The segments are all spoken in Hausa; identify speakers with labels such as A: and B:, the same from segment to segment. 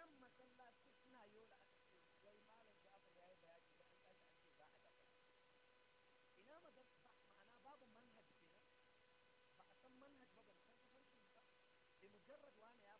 A: nan masallaci suna yau da aka ce wai malam Ja'far yayi bayani da an tashi an ce za a dafa ina magana ma'ana babu manhaj kenan ba a san manhaj ba ba san tafarkin ba bi mujarrad wani ya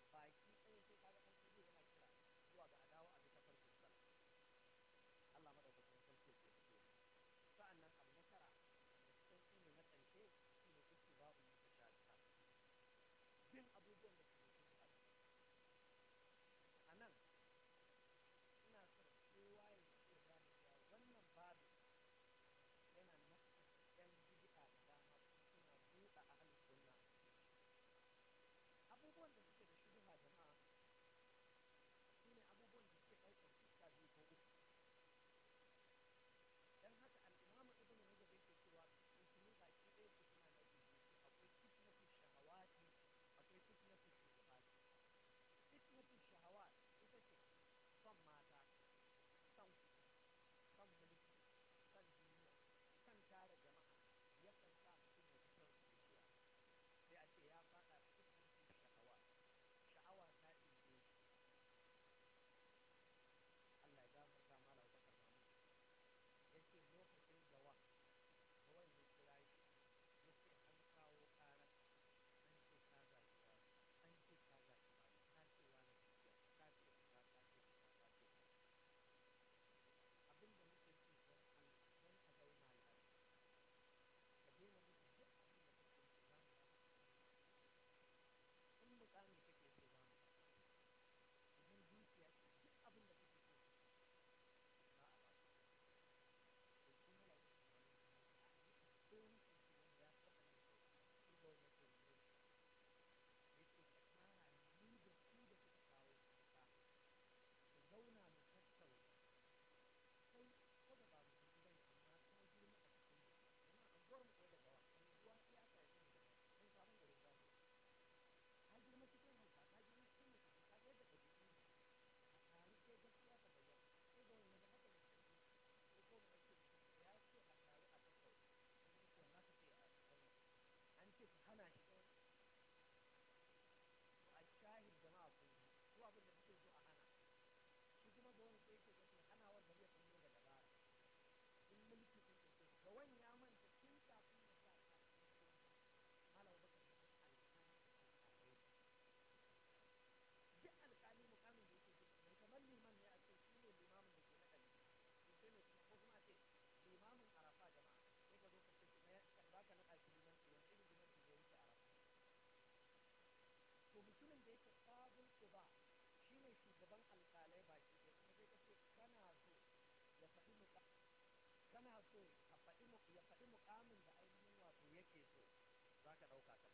A: sacrifice za ka ɗauka ka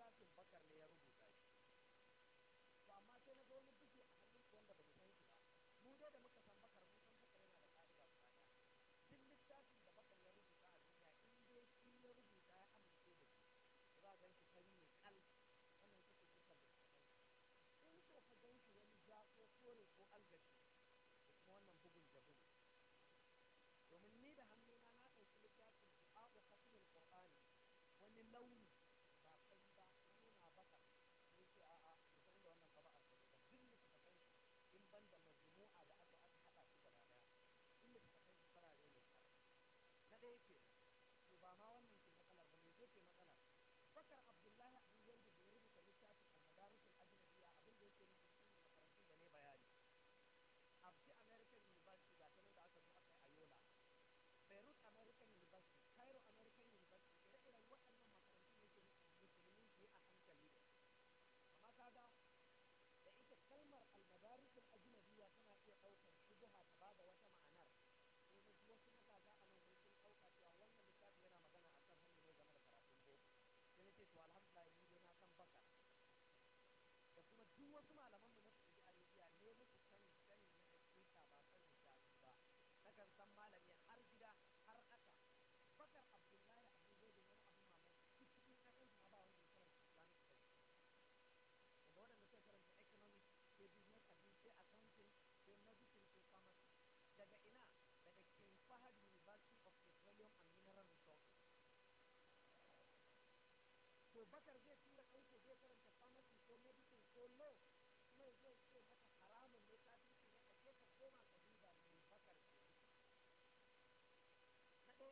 A: littafin bakar ne ya rubuta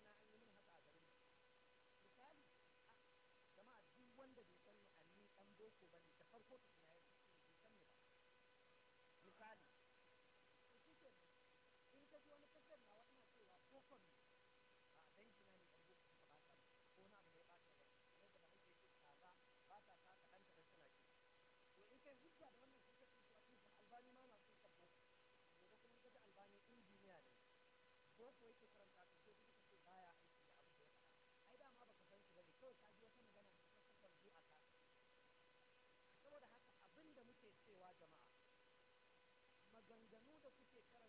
A: kaina an yi min haka a garin misali a duk wanda bai san ni an ni dan boko bane da farko tukuna ya bai san ni ba misali kike in ka ji wani kasar na wani cewa bokon ne a danki na ne dan boko suka ba ta ko na abu ne ba ta rai kamar da muke ke kaza ba ta ta kadan kadan suna ce to in kai hujja da wannan kike cewa a cikin albani ma na son ka boko ne kuma kaji albani injiniya ne boko yake karanta maganganu da kuke karanta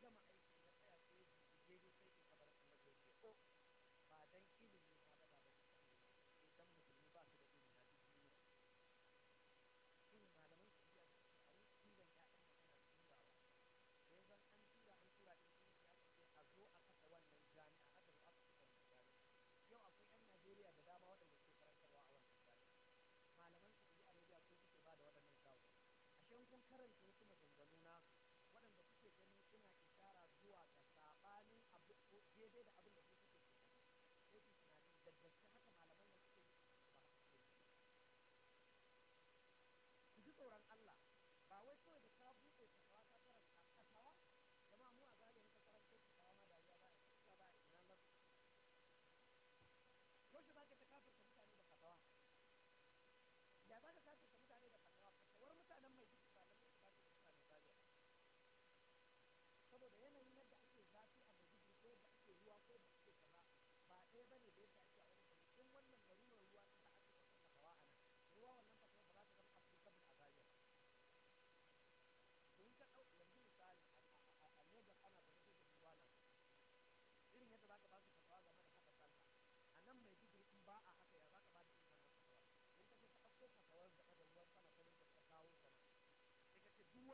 A: Come on.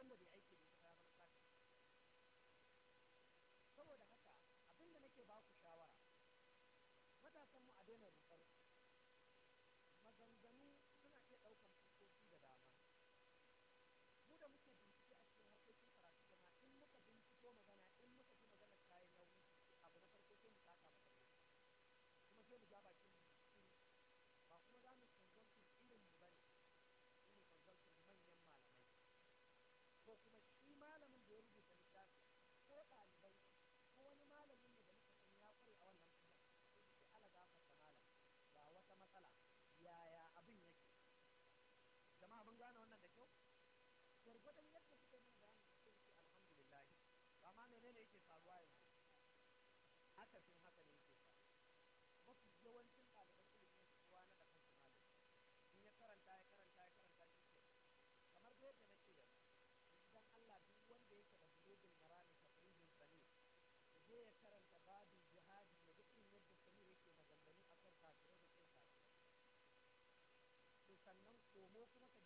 A: Gracias. yaya abin yake jama'a mun gane wannan da kyau gwargwadon yadda suka yi da hannu sai ce alhamdulillah amma menene yake faruwa yanzu haka sun haka ne yake faruwa mafi yawancin ɗaliban ilimin kowa na da kansu malami in ya karanta ya karanta ya karanta shi ke kamar da yadda nake yanzu idan Allah duk wanda yake da bulugul marami tafrijin sani zai ya karanta জন্য কোনো কোনো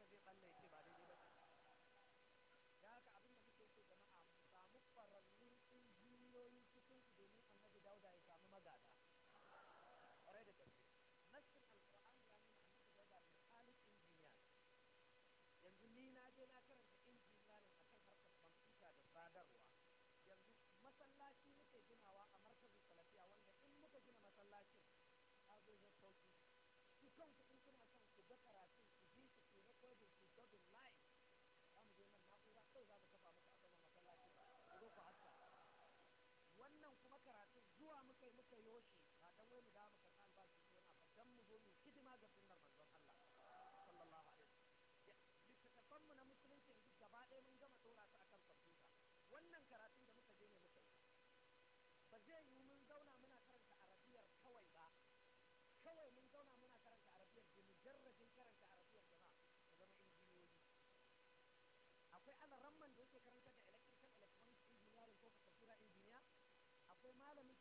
A: Wani zai balle ya ce ba daidai ba Ya haka abin da muke so jama'a mu samu ƙwararru injiniyoyi cikin su domin annabi dauda ya samu magada ƙwarai da gaske nassin alƙur'an ya nuna annabi dauda misalin injiniya yanzu ni na je na karanta injiniya ne akan harkar kwamfuta da sadarwa yanzu masallaci muke ginawa a markazin salafiya wanda in muka gina masallacin har zai sauki su kanku in kuna mu na musulunci yanzu gaba ɗaya mun gama ɗora su akan kwamfuta wannan karatun da muka je ne muka yi ba zai yi mun zauna muna karanta arabiyar kawai ba kawai mun zauna muna karanta arabiyar da mujarrajin karanta arabiyar ba ta zama injiniyoyi akwai alaramman da yake karanta da electrical electronics engineering ko kura injiniya akwai malamin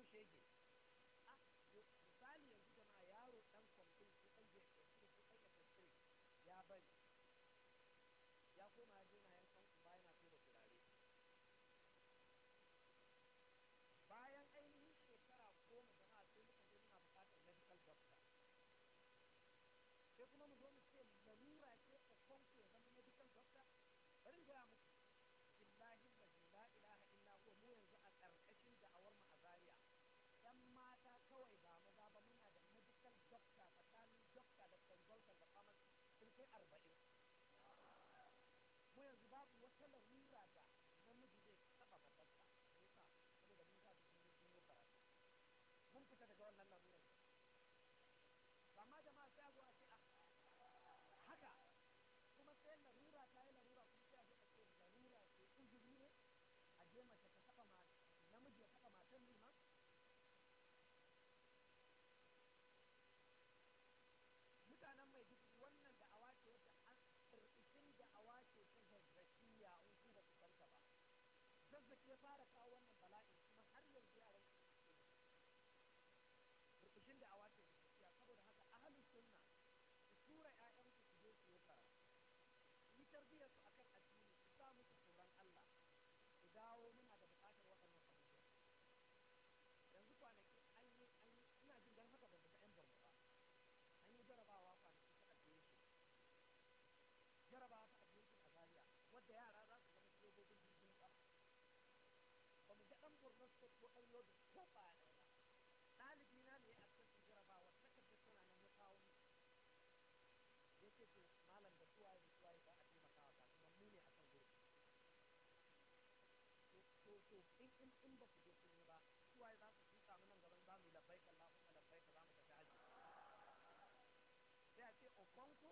A: yin shege ah, misali yanzu jama'a yaro dan kwamfin ko dan jefe ko dan kwamfin ya bari ya koma ya jona yan san uba yana kai turare bayan ainihin shekara goma jama'a sai muka je muna buƙatar medical doctor sai kuma mu zo mu kai arba'in mu yanzu babu wata launi wanda ke fara kawo wannan bala'i kuma har yanzu yaran su ke da awa ce gaskiya saboda haka ahalin sunna su tura 'ya'yanku su je su yi karatu yi tarbiyyar su in in in ba su je sun yi ba suwaye za su tuka mu nan gaban za mu yi za mu tafi haji sai a ce okonku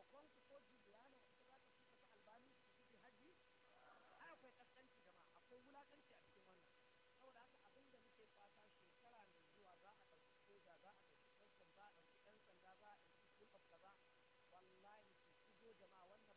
A: okonku ko jibilana ita za ta tuka ta albani su tafi haji ai akwai kaskanci jama'a akwai wulakanci a cikin wannan saboda haka abin da muke fata shekara mai zuwa za a ɗauki soja za a ɗauki ɗan sanda za a ɗauki ɗan sanda za a ɗauki kulɓa kaza wallahi su shigo jama'a wannan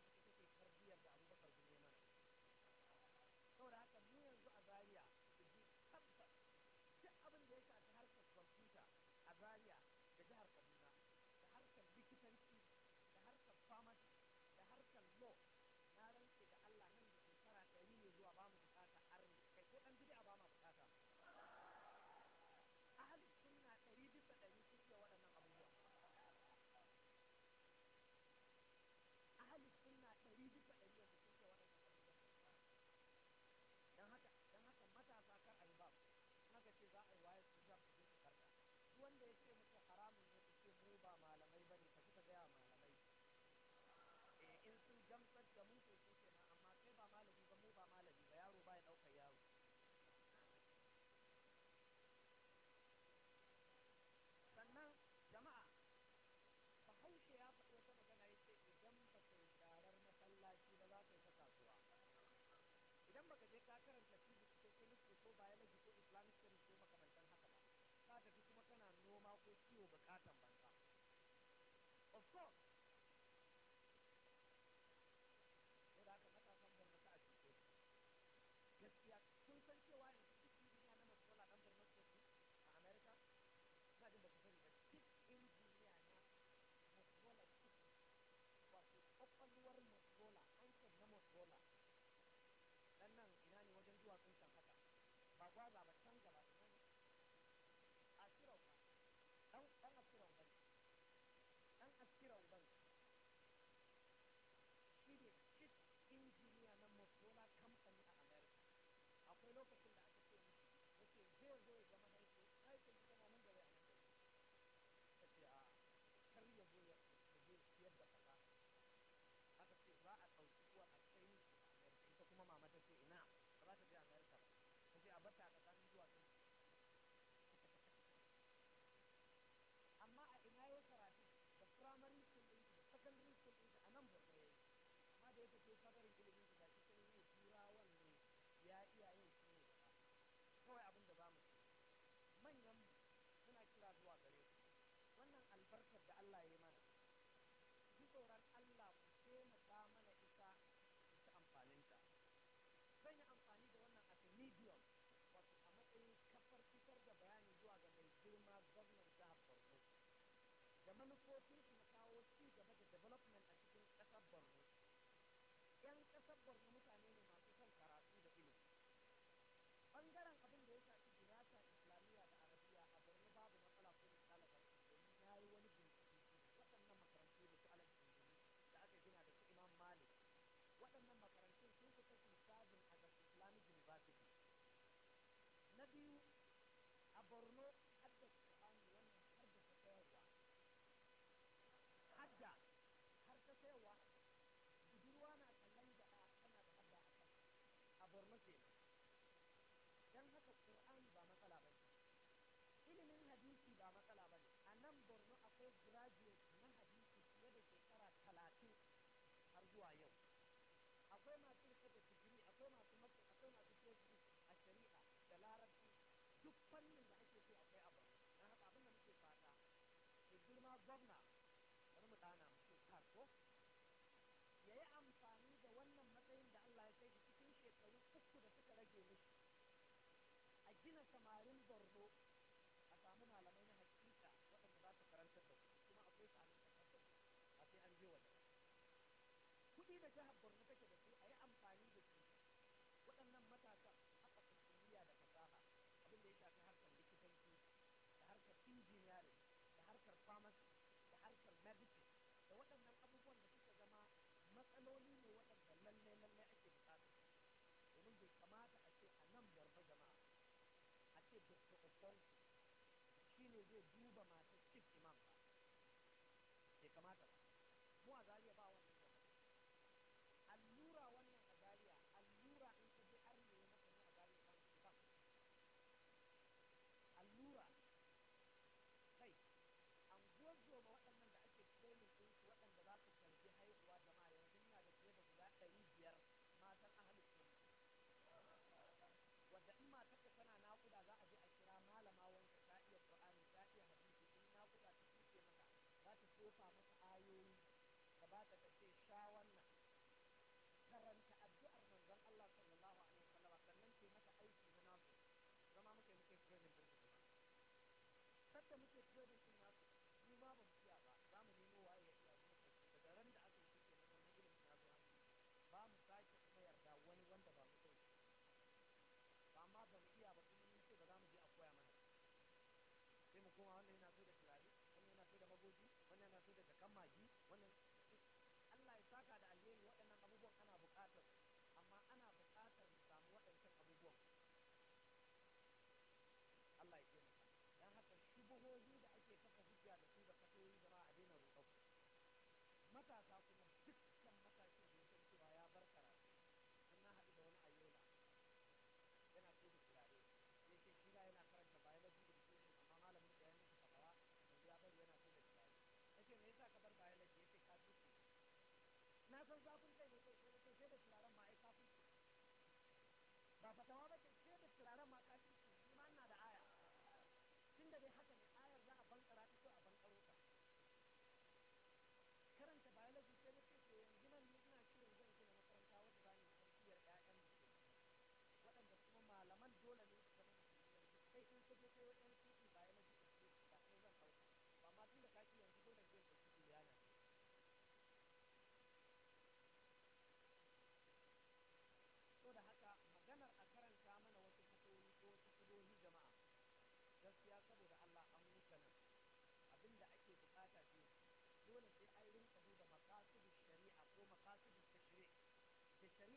A: one day, bukatan banza of course lokacin sabarin ilimin da shi sun yi turawan ne ya iya yin su ne kawai abin da za mu ce manyan suna kira zuwa gare ku wannan albarkar da Allah ya yi mana Ku tsoron Allah ku mu taimaka mana ita ta amfanin ta. zan yi amfani da wannan as a medium wato a matsayin kafar fitar da bayani zuwa ga mai girma gwamnan jihar Borno da manufofin 'yan ƙasar borno mutane ne masu son karatu da ilimi ɓangaren abin da ya shafi dirasa islamiyya da arabiya a borno babu matsala ko misali karfi domin na yi wani bincike waɗannan makarantu da su alal da aka gina da su imam malik waɗannan makarantun sun fi kashi sabin a islamic university na biyu a borno hadisi ba matsala ba ne a nan borno akwai graduate na hadisi fiye da shekara talatin har zuwa yau akwai masu rike da digiri akwai masu masu akwai masu koshi a shari'a da larabci duk fannin da ake so akwai abu na haka abin da muke fata da girma gwamna bari mu dana muke ko ya yi amfani da wannan matsayin da Allah ya kai shi cikin shekaru uku da suka rage mishi a gina samarin borno yadda jihar borno take da su a yi amfani da su waɗannan matasan haka kimiyya da fasaha abin da ya shafi harkar likitanci da harkar injiniyarin da harkar pharmacy da harkar medicine da waɗannan abubuwan da suka zama matsaloli ne waɗanda lallai lallai ake bukata domin bai kamata a ce a nan borno jama'a a ce dr okonku shi ne zai duba masu cif imam ba bai kamata ba mu a zariya ba wani tofa masa ayoyi ka ba ta kace sha wannan karanta addu'ar manzon Allah sallallahu alaihi wasallam sannan ke mata aiki na nasu zama muke muke su muke nasu ma ba za mu nemo waye ya iya mu daga ran da aka yi na zo ba mu sake kuma yarda wani wanda ba mu kai ba amma iya ba kuma ce ba za mu je a koya mana sai mu koma wannan yana so saka da alheri waɗannan abubuwan ana buƙatar amma ana buƙatar mu samu waɗancan abubuwan Allah ya taimaka dan haka shubuhohi da ake kafa hujja da su da fatoyi jama'a a daina roƙon matasa kuma Rafa, te va a meter.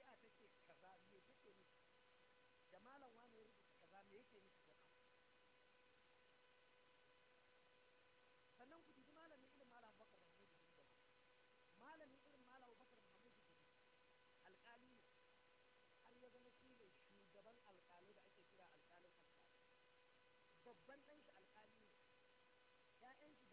A: shari'a ta ce kaza me take nufi da malam wani ya rubuta kaza me yake nufi da sannan ku dubi malamin irin malam bakar mahmud da malamin irin malam bakar mahmud da alƙali ne har ya zama shi ne shugaban alƙalai da ake kira alƙalin alƙali babban ɗan shi alƙali ne ƴaƴan shi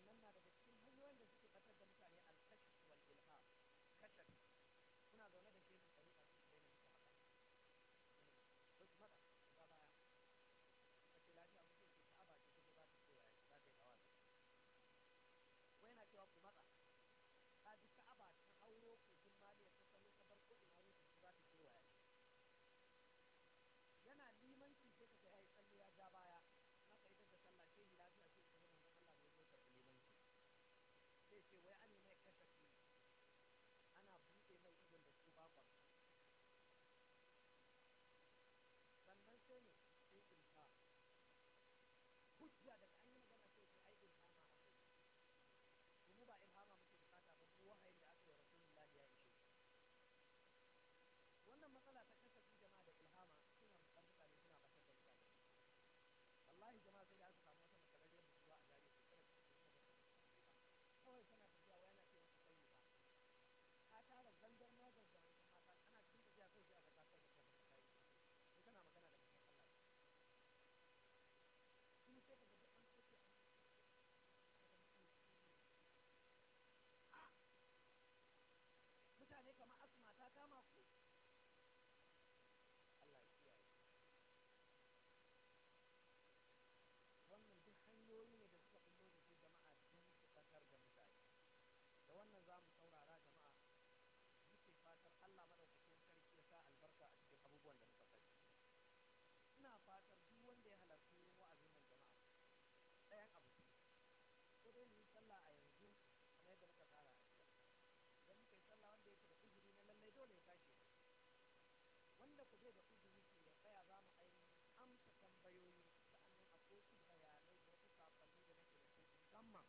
A: அந்த மாதிரி dole tashi wanda ku zai da uzuri ke da tsaya za mu ainihin amsa tambayoyi sa'annan akwai su bayanai da wasu sakonni da nake da su musamman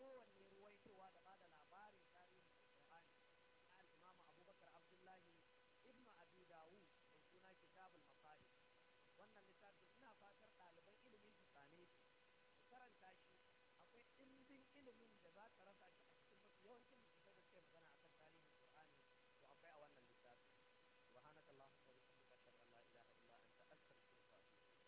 A: kowanne ruwaitowa da ba da labarin tarihin alqur'ani na al-imam abubakar abdullahi ibn abi dawud mai suna kitabul mafahim wannan littafin ina fatar ɗaliban ilimin su same su karanta shi akwai ɗimbin ilimin da za ka rasa shi a cikin mafi yawancin